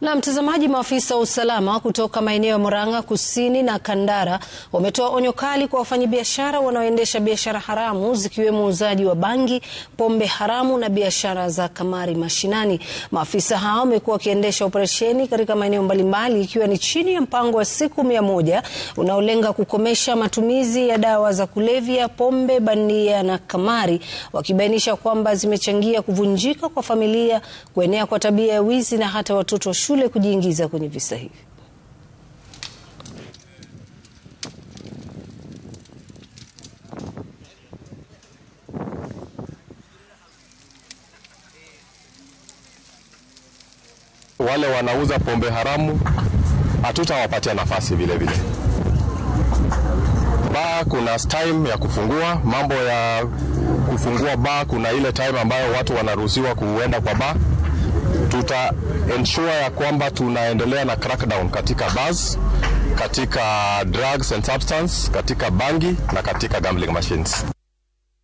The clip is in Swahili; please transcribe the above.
Na mtazamaji, maafisa wa usalama kutoka maeneo ya Murang'a Kusini na Kandara wametoa onyo kali kwa wafanyabiashara wanaoendesha biashara haramu zikiwemo uuzaji wa bangi, pombe haramu na biashara za kamari mashinani. Maafisa hao wamekuwa wakiendesha operesheni katika maeneo mbalimbali ikiwa ni chini ya mpango wa siku mia moja unaolenga kukomesha matumizi ya dawa za kulevya, pombe bandia na kamari, wakibainisha kwamba zimechangia kuvunjika kwa familia, kuenea kwa tabia ya wizi na hata watoto shule kujiingiza kwenye visa hivi? Wale wanauza pombe haramu hatutawapatia nafasi vile vile. Ba kuna time ya kufungua, mambo ya kufungua ba kuna ile time ambayo watu wanaruhusiwa kuenda kwa ba tuta ensure ya kwamba tunaendelea na crackdown katika bars, katika drugs and substance, katika bangi na katika gambling machines.